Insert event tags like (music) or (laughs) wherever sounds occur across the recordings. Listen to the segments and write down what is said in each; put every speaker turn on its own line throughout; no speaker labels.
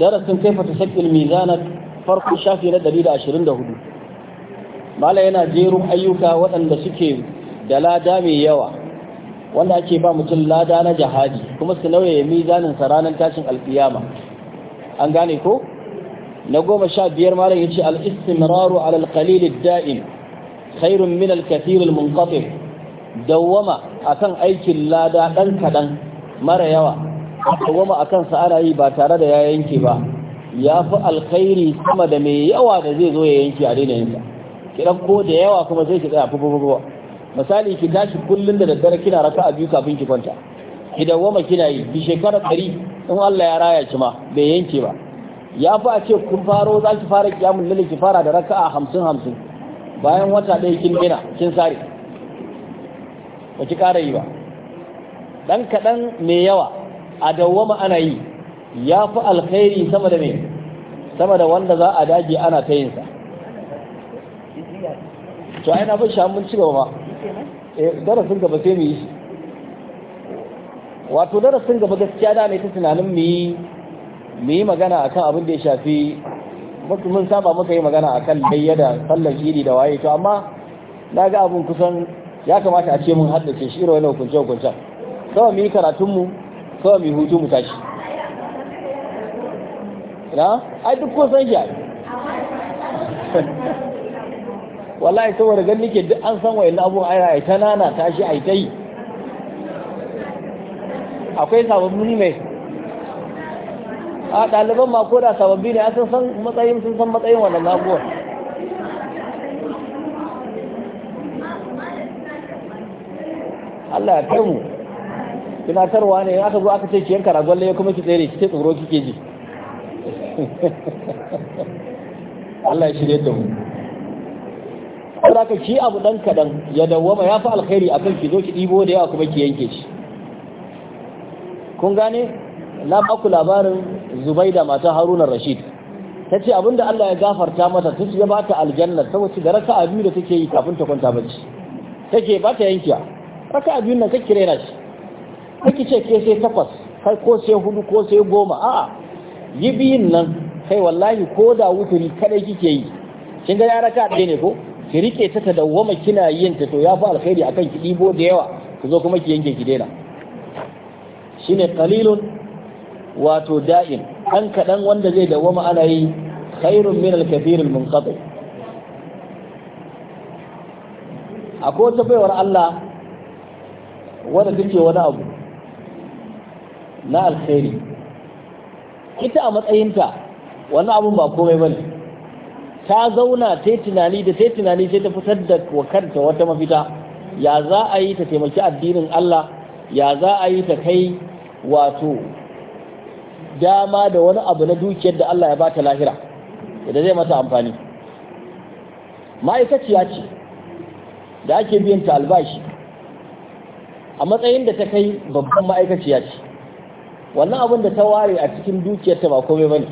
darasin kaifa tusaqqil mizana farko shafi na 124 mala yana jeru ayyuka waɗanda suke da lada mai yawa wanda ake ba mutum lada na jihadi kuma su nauye mizanin sa ranar tashin alkiyama an gane ko na goma sha biyar malam ya ce al'istimraru alalƙalil da'im khairun min alkathirul munqatir dawwama akan aikin lada ɗan kaɗan mara yawa goma a kansa ana yi ba tare da ya yanke ba ya fi alkhairi sama da mai yawa da zai zo ya yanke a daina yinsa kiran ko da yawa kuma sai ki tsaya fi ba, misali ki tashi kullum da daddare kina raka a biyu kafin ki kwanta ki dawama kina yi bi shekara ɗari in Allah ya raya ki ma bai yanke ba ya fi a ce kun faro za ki fara kiyamun lalle ki fara da a hamsin hamsin bayan wata ɗaya kin gina kin sare ba ki ƙara yi ba ɗan kaɗan mai yawa a dawwama ana yi ya fi alkhairi sama da me sama da wanda za a dage ana ta yin sa to ai na fi shi mun ci gaba ma eh darasin gaba sai mu yi shi. wato darasin gaba gaskiya da ne ta tunanin mu yi mu yi magana akan abin da ya shafi mun saba muka yi magana akan bayyana da sallar shiri da waye to amma na ga abin kusan ya kamata a ce mun haddace shi irin wani hukunce hukuncen sama mu yi karatunmu kawai mai hutu mu tashi na ai duk ko san shi (laughs) wallahi saboda ganin ke duk an san wani abubuwan ai ai ta nana tashi ai tai
akwai sababbi mai a
ɗaliban ma ko da sababbi ne an san matsayin sun san matsayin wannan abubuwan
Allah ya kai mu
tunatarwa ne aka zo aka ce ki yanka ragon laye kuma ki tsere ki ce tsoro kike ji Allah ya shirye da mu saboda ki abu dan kadan ya dawwama ya fi alkhairi akan ki zo ki ɗibo da yawa kuma ki yanke shi kun gane na ku labarin Zubaida mata Haruna Rashid ta ce abinda Allah ya gafarta mata tun ya bata aljanna saboda da raka'a biyu da take yi kafin ta kwanta bacci take ta yankiya raka'a abin nan kake rera shi kake ce ke sai takwas kai ko sai hudu ko sai goma a'a yi biyun nan kai wallahi ko da wuturi kadai kike yi kin ga yara ka ɗaya ne ko ki rike ta ta dawwama kina yin ta to ya fi alkhairi akan ki ɗibo da yawa ki zo kuma ki yanke ki daina shine qalilun wato da'in an kaɗan wanda zai dawwama ana yi khairun min al-kathir al-munqati
akwai wata baiwar
Allah wadda take wani abu na alkhairi ita a matsayinta wani abun ba komai bane ta zauna ta tunani da ta tunani sai ta fitar da wa kanta wata mafita ya za a yi ta taimaki addinin Allah ya za a yi ta kai wato dama da wani abu na dukiyar da Allah ya ba ta lahira idan zai mata amfani ma'aikaciya ce da ake biyan ta albashi a matsayin da ta kai babban ma'aikaciya ce wannan abin da ta ware a cikin dukiyarta ba komai bane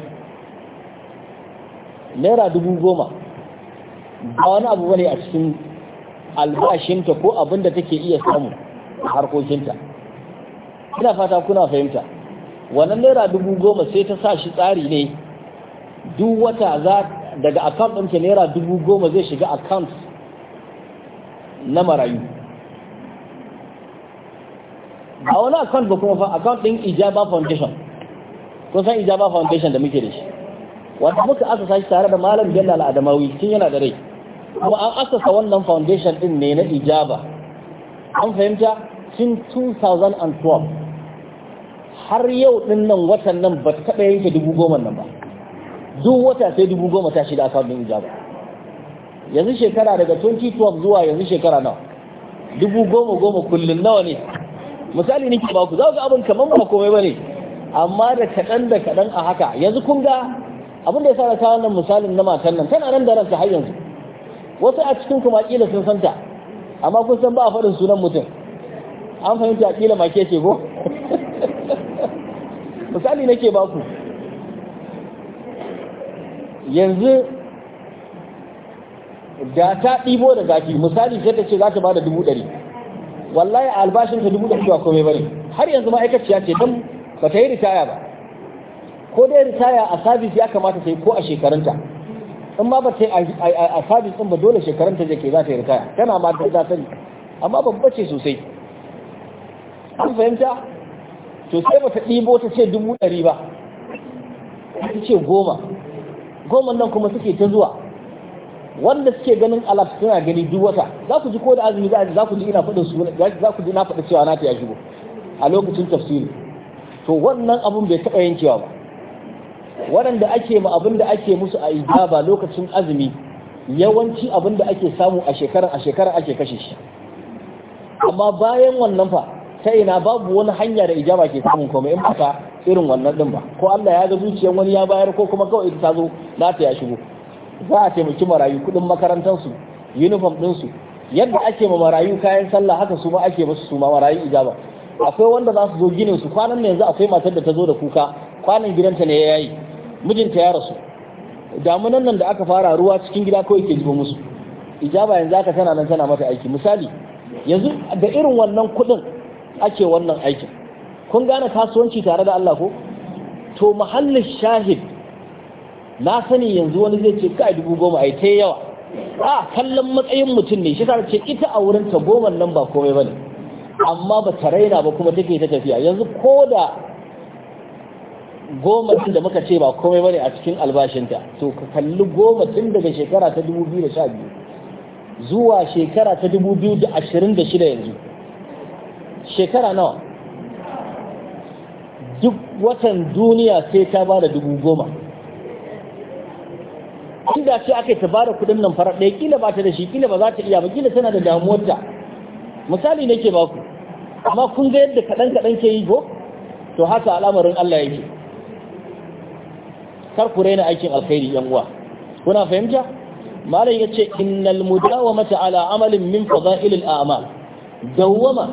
naira dubu goma ba wani abu bane a cikin albashinta ko abin da take iya samu a harkokinta ina fata kuna fahimta wannan naira dubu goma sai ta sa shi tsari ne duk wata za daga account ɗinta naira dubu goma zai shiga account na marayu a wani account ba kuma fa account din ijaba foundation kun san ijaba foundation da muke da shi wanda muka asasa shi tare da malam jallal al'adamawi tun yana da rai kuma an asasa wannan foundation din ne na ijaba an fahimta tun 2012 har yau din nan watan nan ba ta taɓa yanke dubu goma nan ba duk wata sai dubu goma ta da account din ijaba yanzu shekara daga 2012 zuwa yanzu shekara nawa dubu goma goma kullum nawa ne misali nake ba ku za ga abin kaman ba komai bane amma da kaɗan da kaɗan a haka yanzu kun ga abin da ya sa na kawo wannan misalin na matan nan tana nan da ranta har yanzu wasu a cikin kuma kila sun santa amma kun san ba a faɗin sunan mutum an fahimta kila make ce ko (laughs) misali nake ba ku yanzu da ta ɗibo da zafi misali sai ta ce za ta ba da dubu ɗari wallahi albashin ta dubu da ba komai bane har yanzu ma'aikaciya ce dan ba ta yi ritaya ba ko dai ritaya a sabis ya kamata ta yi ko a shekarunta in ma ba ta yi a sabis din ba dole shekarunta da ke za ta yi ritaya tana ma da za ta yi amma babba ce sosai an fahimta to sai ba ta ɗibo ta ce dubu ɗari ba ta ce goma goma nan kuma suke ta zuwa wanda suke ganin alat suna gani duk wata za ku ji ko da azumi za ku ji ina faɗin su za ku ji na faɗi cewa na ta ya shigo a lokacin tafsiri to wannan abun bai taɓa yankewa ba waɗanda ake ma abin da ake musu a ijaba lokacin azumi yawanci abin da ake samu a shekarar a shekarar ake kashe shi amma bayan wannan fa ta ina babu wani hanya da ijaba ke samun komai in ba irin wannan din ba ko Allah ya ga zuciyar wani ya bayar ko kuma kawai ita ta zo na ta ya shigo za a taimaki marayu kuɗin makarantarsu uniform ɗinsu yadda ake ma marayu kayan sallah haka su ma ake masu su ma marayu ijaba akwai wanda za su zo ginin su kwanan ne yanzu akwai matar da ta zo da kuka kwanan gidanta ne ya yayi mijinta ya rasu damunan nan da aka fara ruwa cikin gida kawai ke zuba musu ijaba yanzu aka tana nan tana mata aiki misali yanzu da irin wannan kuɗin ake wannan aikin kun gane kasuwanci tare da Allah ko to mahallin shahid na sani yanzu wani zai ce kai dubu goma ai ta yawa a kallon matsayin mutum ne shi ta ce ita a wurin ta goma nan ba komai bane amma ba ta raina ba kuma take ta tafiya yanzu ko da goma tun da muka ce ba komai bane a cikin albashinta to ka kalli goma tun daga shekara ta dubu biyu da sha biyu, zuwa shekara ta dubu biyu da da ashirin shida yanzu shekara nawa duk watan duniya sai ta ba da dubu goma da ce ake yi ta bada kuɗin nan farar ɗaya kila ba ta da shi kila ba za ta iya ba kila tana da ta misali nake ba ku amma kun ga yadda kaɗan kaɗan ke yi ko to haka al'amarin Allah yake kar ku raina aikin alkhairi yan uwa kuna fahimta malam yace innal mata ala amalin min fadailil a'mal dawama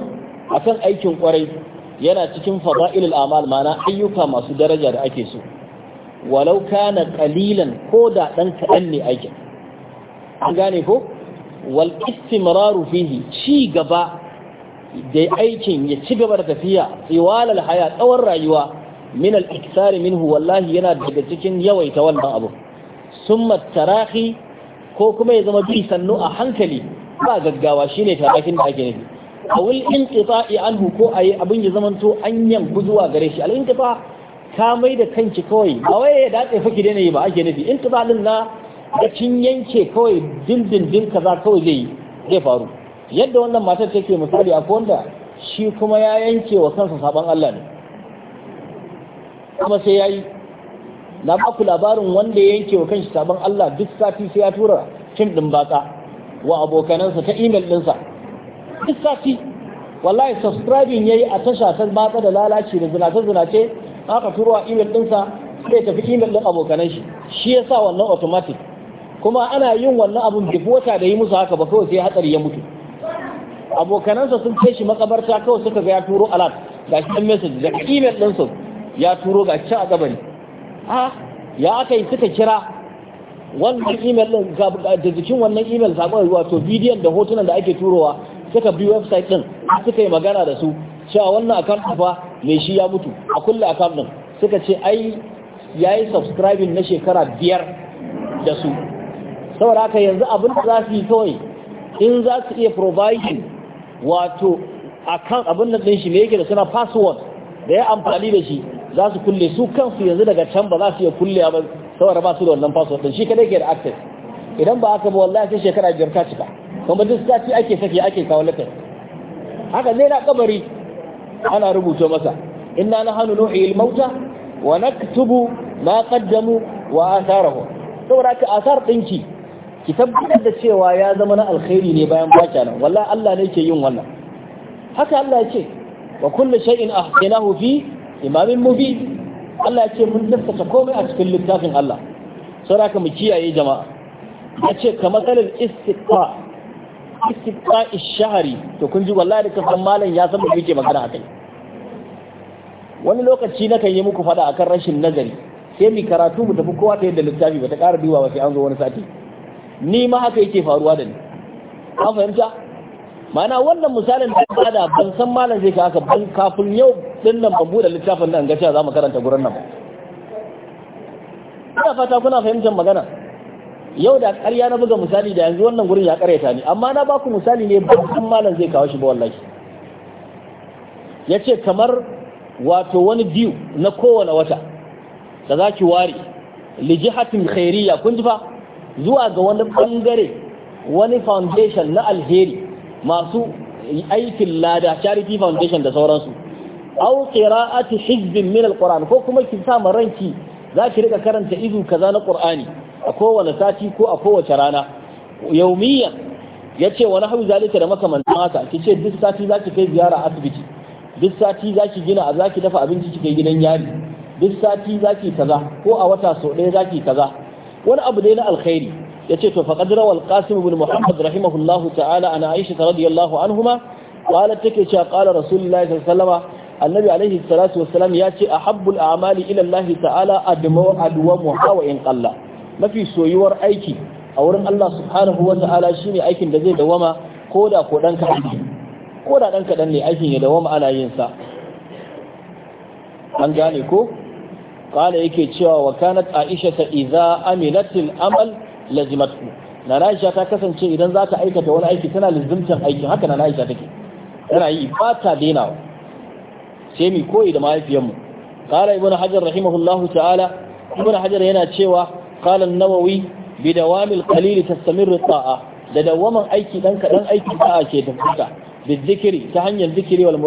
akan aikin kwarai yana cikin fadailil a'mal mana ayyuka masu daraja da ake so walau kana qalilan ko da dan kaɗan ne aikin an gane ko wal istimraru fihi ci gaba da aikin ya ci gaba da tafiya tsiwal al haya tsawon rayuwa min al ikthar minhu wallahi yana daga cikin yawaita wannan abu summa tarahi ko kuma ya zama bi sannu a hankali ba gaggawa shine tarakin da ake nufi awul inqita'i anhu ko ayi abin ya zamanto an yanku zuwa gare shi al inqita' ka mai da kanki kawai ba wai ya dace fa da ne yi ba ake nufi in tubalin na da kin yanke kawai dindindin kaza kawai zai zai faru yadda wannan matar take misali a wanda shi kuma ya yanke wa kansa saban Allah ne kuma sai yayi na ba ku labarin wanda ya yanke wa kanshi saban Allah duk sati sai ya tura cin din baka wa abokanansa ta email ɗinsa duk sati wallahi subscribing yayi a tasha ta batsa da lalaci da zinace zinace aka turo a email ɗinsa sai tafi email ɗin abokanan shi shi ya sa wannan automatic kuma ana yin wannan abun da wata da yi musu haka ba kawai sai hatsari ya mutu abokanansa sun kai shi makabarta kawai suka ga ya turo alert ga shi ɗan message daga email ɗinsa ya turo ga can a gabari a ya aka yi suka kira wannan email ɗin da jikin wannan email saƙon wato bidiyon da hotunan da ake turowa suka bi website ɗin suka yi magana da su cewa wannan account fa mai shi ya mutu a kulle account din suka ce ai yayi subscribing na shekara biyar da su saboda haka yanzu abin da za su yi kawai in za su iya providing wato account abin da din shi ne yake da suna password da ya amfani da shi za su kulle su kansu yanzu daga can ba za su iya kulle ba saboda ba su da wannan password din shi kadai ke da access idan ba aka ba wallahi sai shekara biyar ta cika kuma duk sati ake sake ake kawo lafiya haka zai na kabari ana rubuta masa inna na nuhyil ilmauta wa naktubu na qaddamu wa atharahum saboda ka asar ɗinki ki tabbatar da cewa ya zama na alkhairi ne bayan baka nan wallahi Allah ne ke yin wannan haka Allah ya ce wa kullu shay'in ahsaynahu fi imamin mubin Allah ya ce mun tsaftace komai a cikin littafin Allah saboda ka mu kiyaye jama'a ya ce ka matsalar istiqa istiqa ishari to kun ji wallahi da kafan malam ya san me yake magana a kai wani lokaci na kan yi muku fada akan rashin nazari sai mi karatu mu tafi kowa ta yadda littafi ba ta ƙara duba ba sai an zo wani sati ni ma haka yake faruwa da ni an fahimta Ma'ana wannan misalin da bada ban san malam zai ka haka ban kafin yau din nan ban bude littafin nan gaciya za mu karanta gurin nan ina fata kuna fahimtar magana yau da ƙarya na buga misali da yanzu wannan gurin ya ƙaryata ni amma na baku misali ne ban san malam zai kawo shi ba wallahi yace kamar wato wani biyu na kowane wata da za ki ware lijihatin khairiyya kun ji fa zuwa ga wani bangare wani foundation na alheri masu aikin lada charity foundation da sauransu aw qira'ati hizbin min alquran ko kuma ki sa ranki za ki rika karanta izu kaza na qur'ani a kowane sati ko a kowace rana yaumiyan yace wani hauzalika zalika da makamantan haka kice duk sati za ki kai ziyara asibiti duk sati zaki gina zaki dafa abinci kika gidan yari duk sati zaki kaza ko a wata sau ɗaya zaki kaza wani abu dai na alkhairi yace to faqad rawa al-qasim ibn muhammad rahimahullahu ta'ala ana aisha radiyallahu anhuma qalat take cewa qala rasulullahi sallallahu alaihi wasallam annabi alaihi salatu wassalam yace ahabbul a'mali ila allah ta'ala adwa adwa muhawa in qalla mafi soyuwar aiki a wurin Allah subhanahu wa ta'ala shine aikin da zai dawama ko da ko dan ka ko da ɗan kaɗan ne aikin ya dawo ana yin sa an gane ko kala yake cewa wa kanat aisha ta idza amilatil amal lazimatu na Aisha ta kasance idan za ta aikata wani aiki tana lazimtan aikin haka na Aisha take tana yi ba ta dainawa sai mi koyi da mahaifiyarmu kala ibn hajar rahimahullahu ta'ala ibn hajar yana cewa kala nawawi bi dawamil qalil tastamirru ta'a da dawaman aiki dan kadan aiki ta'a ke tafuta bizikiri ta hanyar zikiri wal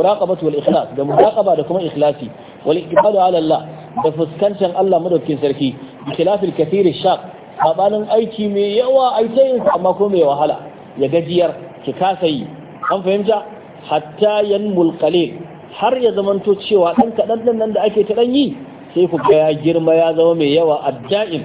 ikhlas da muraqaba da kuma ikhlasi wal iqbadu ala Allah da fuskantar Allah madaukakin sarki bi khilafil kathir shaq sabanin aiki mai yawa aitayin amma ko mai wahala ya gajiyar ki kasa yi an fahimta hatta yanmul qalil har ya zamanto cewa dan kadan din nan da ake ta dan yi sai ku ga ya girma ya zama mai yawa adda'in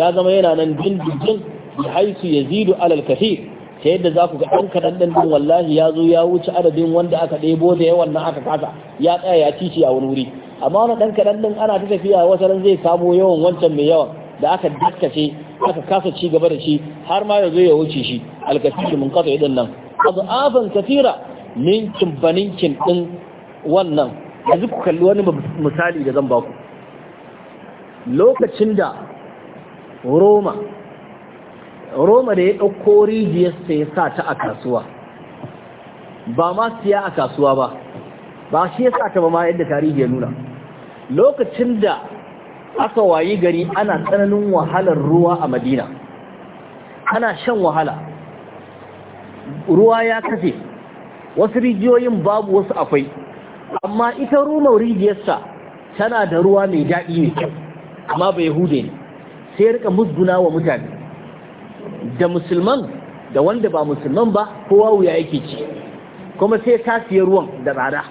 ya zama yana nan dindindin bi haisu yazidu alal kathir ta yadda za ku ga ɗan kaɗan ɗan ɗin wallahi ya zo ya wuce adadin wanda aka ɗebo da yawan nan aka kasa ya tsaya ya cici a wani wuri amma wani ɗan kaɗan ɗin ana ta tafiya wasu ran zai samo yawan wancan mai yawan da aka daskace aka kasa ci gaba da shi har ma ya zo ya wuce shi alkasiri mun kasa ɗin nan azafan kafira ninkin baninkin ɗin wannan yanzu ku kalli wani misali da zan ba ku. lokacin da roma roma da ya ɗauko rijiyarsa ya sa ta a kasuwa ba ma siya a kasuwa ba ba shi ya sa ta ba ma yadda tarihi ya nuna lokacin da aka wayi gari ana tsananin wahalar ruwa a madina ana shan wahala ruwa ya kafe wasu rijiyoyin babu wasu akwai amma ita roma rijiyarsa tana da ruwa mai daɗi mai kyau, amma ba yahude ne sai rika musguna wa mutane da musulman da wanda ba musulman ba kowa wuya yake ci kuma sai ta ruwan da tsada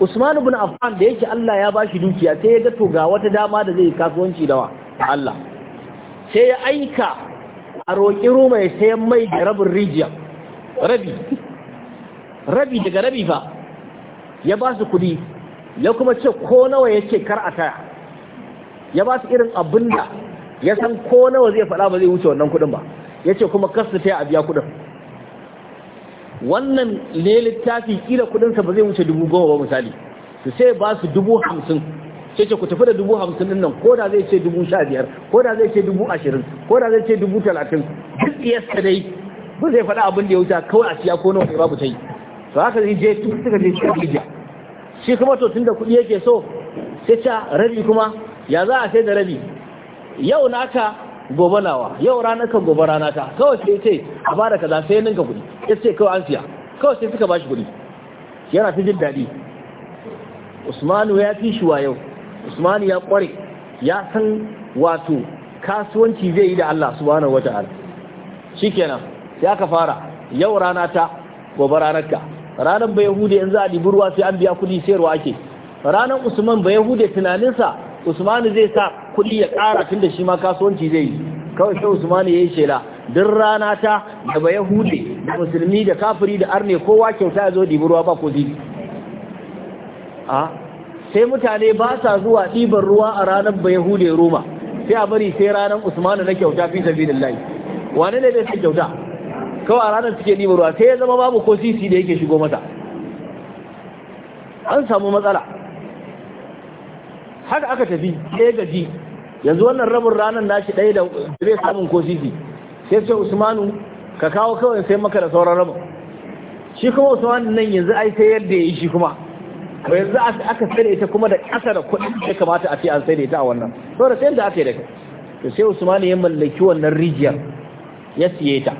Usman ibn Affan da yake Allah ya bashi dukiya sai ya ga to ga wata dama da zai kasuwanci da wa Allah sai ya aika a roƙi Roma ya sayan mai da rabin rijiya rabi rabi daga rabi fa ya ba su kudi ya kuma ce ko nawa ya ce kar a taya ya ba su irin abinda. ya san ko nawa zai faɗa ba zai wuce wannan kuɗin ba ya ce kuma kar su taya a biya kuɗin wannan ne littafi kila kuɗinsa ba zai wuce dubu goma ba misali su sai ba su dubu hamsin sai ce ku tafi da dubu hamsin din nan ko da zai ce dubu sha biyar ko da zai ce dubu ashirin ko da zai ce dubu talatin duk iyasta dai ba zai faɗa abin da ya wuce kawai a siya ko nawa ne babu ta yi to haka zai je tun suka je cikin rijiya shi kuma to tun da kuɗi yake so sai ta rabi kuma ya za a sai da rabi yau naka gobe nawa yau ranar ka gobe rana ta kawai sai ce a bada kaza sai ninka kuɗi ya ce kawai an siya kawai sai suka bashi kuɗi yana ta jin daɗi usmanu ya fi shi wa yau usmanu ya ƙware ya san wato kasuwanci zai yi da Allah subhanahu wata'ala kenan, ya ka fara yau rana ta gobe ranar ka ranar bai hude yanzu a diburwa sai an biya kuɗi sayarwa ake ranar usman bai hude tunaninsa usmanu zai sa kuɗi ya kara tun da shi ma kasuwanci zai yi kawai sai usman ya yi shela duk rana ta da ba yahudi da musulmi da kafiri da arne kowa kyauta ya zo ɗibi ruwa ba ko zibi a sai mutane ba sa zuwa ɗiban ruwa a ranar ba yahude roma sai a bari sai ranar usman na kyauta fi sabilillahi wane ne zai kyauta kawai a ranar suke ɗiban ruwa sai ya zama babu ko sisi da yake shigo mata an samu matsala haka aka tafi ɗaya gaji yanzu wannan rabin ranar nashi ɗaya da zai samun ko sisi sai ce usmanu ka kawo kawai sai maka da sauran rabin shi kuma usmanu nan yanzu ai sai yadda ya yi shi kuma ko yanzu aka sai da ita kuma da ƙasa da kuɗi ya kamata a ce an sai da ita a wannan saboda sai yadda aka yi da kai to sai usmanu ya mallaki wannan rijiyar ya siye ta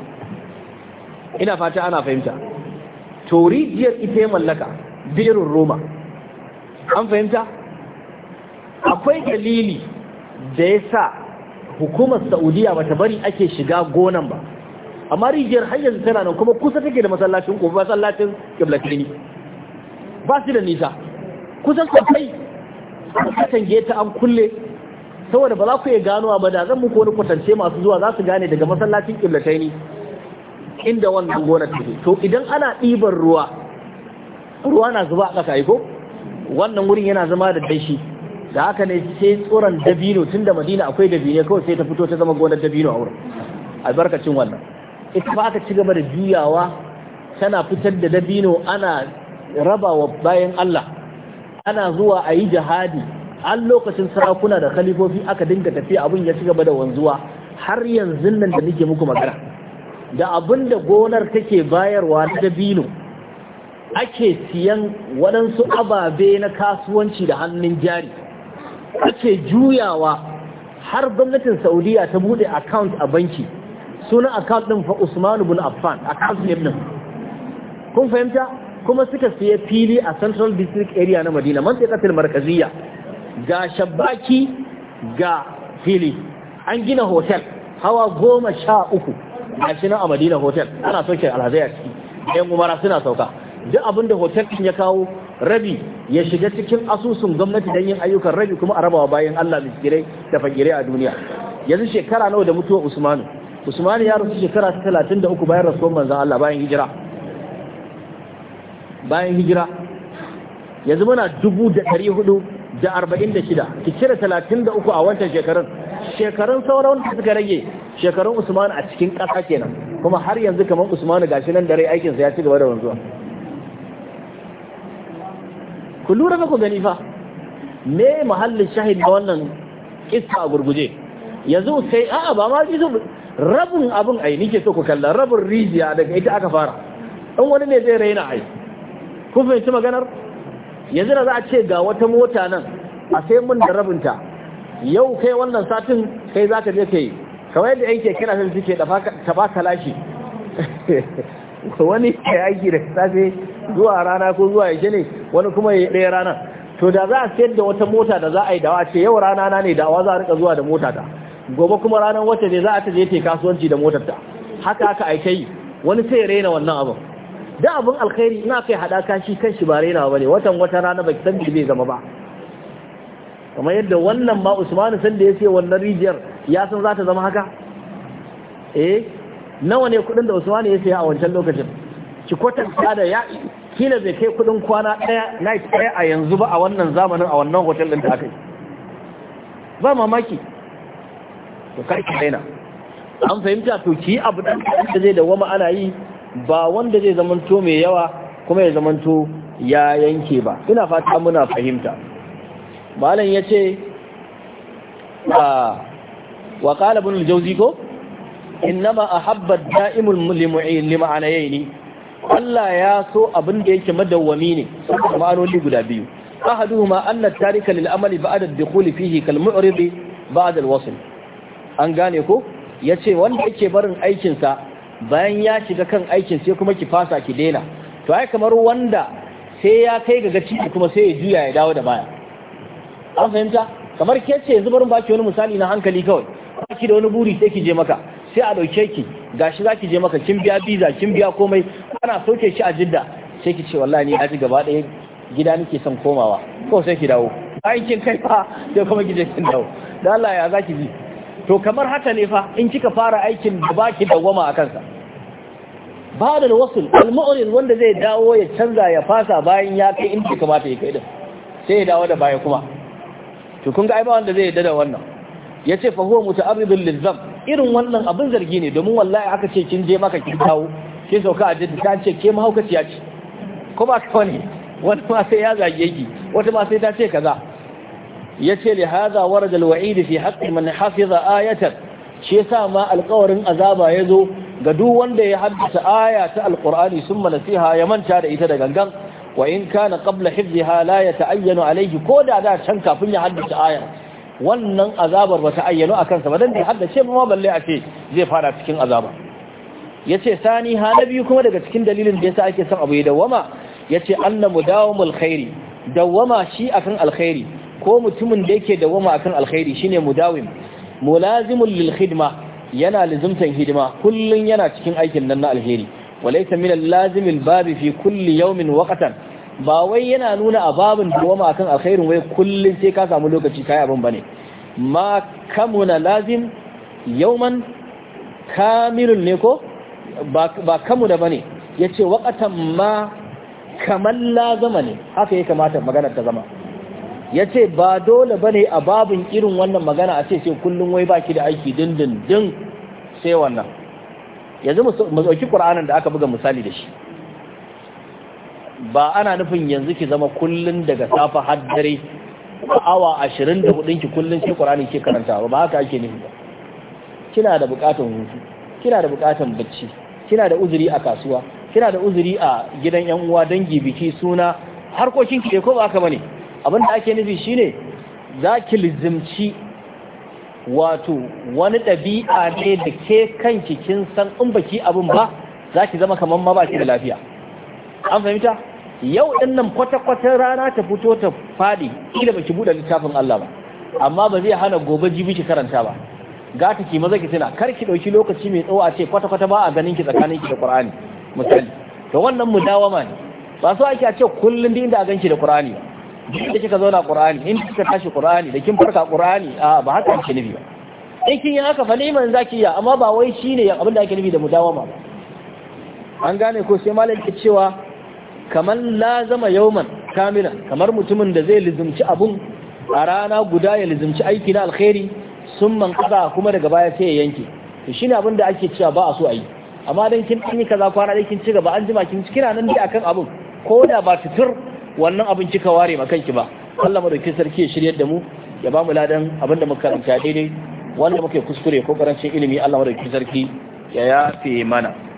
ina fata ana fahimta to rijiyar ita ya mallaka birin roma an fahimta akwai dalili da ya sa hukumar saudiya ba ta bari ake shiga gonan ba amma rijiyar hanyar tana nan kuma kusa take da masallacin ko masallacin kiblatini ba su da nisa kusan sosai a tange ta an kulle saboda ba za ku iya gano ba da zan muku wani kwatance masu zuwa za su gane daga masallacin kiblatini inda wannan gonar take to idan ana ɗiban ruwa ruwa na zuba a ƙasa ko wannan wurin yana zama da danshi da haka ne sai tsoron dabino tun da madina akwai dabino kawai sai ta fito ta zama gonar dabino a wurin albarkacin wannan ita ba aka ci gaba da juyawa tana fitar da dabino ana rabawa bayan Allah ana zuwa a yi jihadi an lokacin sarakuna da khalifofi aka dinga tafiya abin ya ci gaba da wanzuwa har yanzu nan da nake muku magana da abin da gonar take bayarwa na dabino ake siyan waɗansu ababe na kasuwanci da hannun jari ake juyawa har gwamnatin saudiya ta bude account a banki suna account din fa usman ibn affan account ne din kun fahimta kuma suka siya fili a central district area na madina mantiqatul markaziyya ga shabaki ga fili an gina hotel hawa goma sha uku a shi a madina hotel ana soke alhazai a ciki ɗayan umara suna sauka duk abinda hotel ɗin ya kawo rabi ya shiga cikin asusun gwamnati don yin ayyukan rabi kuma a rabawa bayan Allah miskirai da fakirai a duniya yanzu shekara nawa da mutuwa Usmanu Usmanu ya rasu shekara ta talatin da uku bayan rasuwar manzan Allah bayan hijira bayan hijira yanzu muna dubu da ɗari hudu da arba'in da shida ki cire talatin da uku a wancan shekarun shekarun sauran da suka rage shekarun Usmanu a cikin ƙasa kenan kuma har yanzu kamar Usmanu gashi nan da rai aikinsa ya ci gaba da wanzuwa ku lura na ku gani fa me muhallin shahid da wannan kissa a gurguje yanzu sai a'a ba ma ji rabin abin ai nike so ku kalla rabin rijiya daga ita aka fara dan wani ne zai raina ai Ku fahimci maganar yanzu na za a ce ga wata mota nan a sai mun da ta yau kai wannan satin kai za ka je ka yi kawai da yanke kira sai suke ta ba kalashi (laughs) wani ya aiki da safe zuwa rana ko zuwa yake ne wani kuma ya ɗaya rana to da za a sayar da wata mota da za a yi dawa ce yau rana na ne dawa za a rika zuwa da mota ta gobe kuma ranar wata ne za a je ta kasuwanci da motar ta haka haka ai kai wani sai ya raina wannan abin da abin alkhairi ina kai hadaka shi kan shi ba raina bane watan wata rana baki san bai zama ba kamar yadda wannan ma Usmanu san da ya ce wannan rijiyar ya san za ta zama haka eh nawa ne kudin da Usmani ya saya a wancan lokacin ki kwatan da ya kila zai kai kudin kwana daya night daya a yanzu ba a wannan zamanin a wannan hotel din da aka yi ba mamaki to kai ki daina an fahimta to ki abu dan da zai da wama ana yi ba wanda zai zamanto mai yawa kuma ya to ya yanke ba ina fata muna fahimta malam yace a ah, wa qala ibn al-jawzi ko innama ahabba da'imul limu'anayaini Allah ya so abin da yake madawwami ne saboda ma'anoni guda biyu ahaduhuma anna tarika lil amali ba'da ad fihi kal mu'rid ba'da al-wasl an gane ko yace wanda yake barin aikin sa bayan ya shiga kan aikin sai kuma ki fasa ki daina to ai kamar wanda sai ya kai ga gaci kuma sai ya juya ya dawo da baya an fahimta kamar ke ce yanzu barin baki wani misali na hankali kawai baki da wani buri sai ki je maka sai a dauke ki gashi zaki je maka kin biya visa kin biya komai ana soke shi a jidda sai ki ce wallahi ni aji gaba ɗaya gida nake son komawa ko sai ki dawo bayan kin kai fa sai kuma ki je kin dawo dan Allah ya zaki ji to kamar haka ne fa in kika fara aikin da baki dawwama a kansa ba da wasul al murid wanda zai dawo ya canza ya fasa bayan ya kai inda kamata ya kai din sai ya dawo da baya kuma to kun ga ai ba wanda zai yadda da wannan yace fa huwa muta'arridun lil-zam irin wannan abin zargi ne domin wallahi aka ce kin je maka kin dawo ke sauka a jidda ta ce ke mahaukaciya ce ko ba ka ne wani ma sai ya zage ki wata ma sai ta ce kaza ya ce li hadha warada alwa'id fi haqqi man hafiza ayatan shi yasa ma alƙawarin azaba ya zo ga duk wanda ya haddasa aya ta alqur'ani summa nasiha ya manta da ita da gangan wa in kana qabla hifziha la yata'ayyanu alayhi ko da da can kafin ya haddasa ayar wannan azabar ba ta ayyano a kansa ba don da haddace ba ma balle a ce zai fara cikin azaba ya ce sani ha na biyu kuma daga cikin dalilin da yasa ake son abu ya dawama ya ce an na mu alkhairi. dawama shi akan alkhairi ko mutumin da yake dawama akan alkhairi shine mudawim lazimun lil hidima yana lizumtan hidima Kullum yana cikin aikin nan na alheri walaysa min al lazimil babi fi kulli yawmin waqtan ba wai yana nuna a babin duwama akan alkhairin wai kullum sai ka samu lokaci kai abin bane ma kamuna lazim yauman kamilun ne ko ba kamuna bane yace waqatan ma kaman la ne haka ya kamata magana ta zama yace ba dole bane a babin irin wannan magana a ce sai kullum wai baki da aiki dindindin sai wannan yanzu mu ɗauki Qur'anin da aka buga misali da shi ba ana nufin yanzu ki zama kullun daga safa har dare awa 24 ki kullun sai Qur'ani ke karanta ba haka ake nufi ba kina da bukatun hutu kina da bukatun bacci kina da uzuri a kasuwa kina da uzuri a gidan yan uwa dangi biki suna harkokin ki ko ba haka bane abin da ake nufi shine zaki lizimci wato wani ɗabi'a ne da ke kanki kin san in baki abin ba zaki zama kamar ma baki da lafiya an fahimta yau ɗin nan kwata-kwata rana ta fito ta fadi ila baki buɗe littafin Allah ba amma ba zai hana gobe jibi ki karanta ba Ga ta ki maza ki tuna kar ki ɗauki lokaci mai tsawo a ce kwata-kwata ba a ganin ki tsakanin ki da Qur'ani misali to wannan mudawama ne ba so ake a ce kullun din da a ganki da Qur'ani duk da kika zauna Qur'ani in kika tashi Qur'ani da kin farka Qur'ani a ba haka ake nufi ba in kin yi haka fa liman zaki ya amma ba wai shine abin da ake nufi da mudawama ba an gane ko sai malam cewa kamar lazama yauman kamila kamar mutumin da zai lizumci abun a rana guda ya lizumci aiki na alkhairi sun man kaza kuma daga baya sai ya yanke to shine abin da ake cewa ba a so a yi amma dan kin yi kaza kwana dai kin ci gaba an jima kin kina nan dai akan abun ko da ba fitur wannan abin kika ware ma kanki ba Allah madauki sarki ya shiryar da mu ya ba mu ladan abin da muka karanta daidai wanda muke kuskure ko karancin ilimi Allah madauki sarki ya yafe mana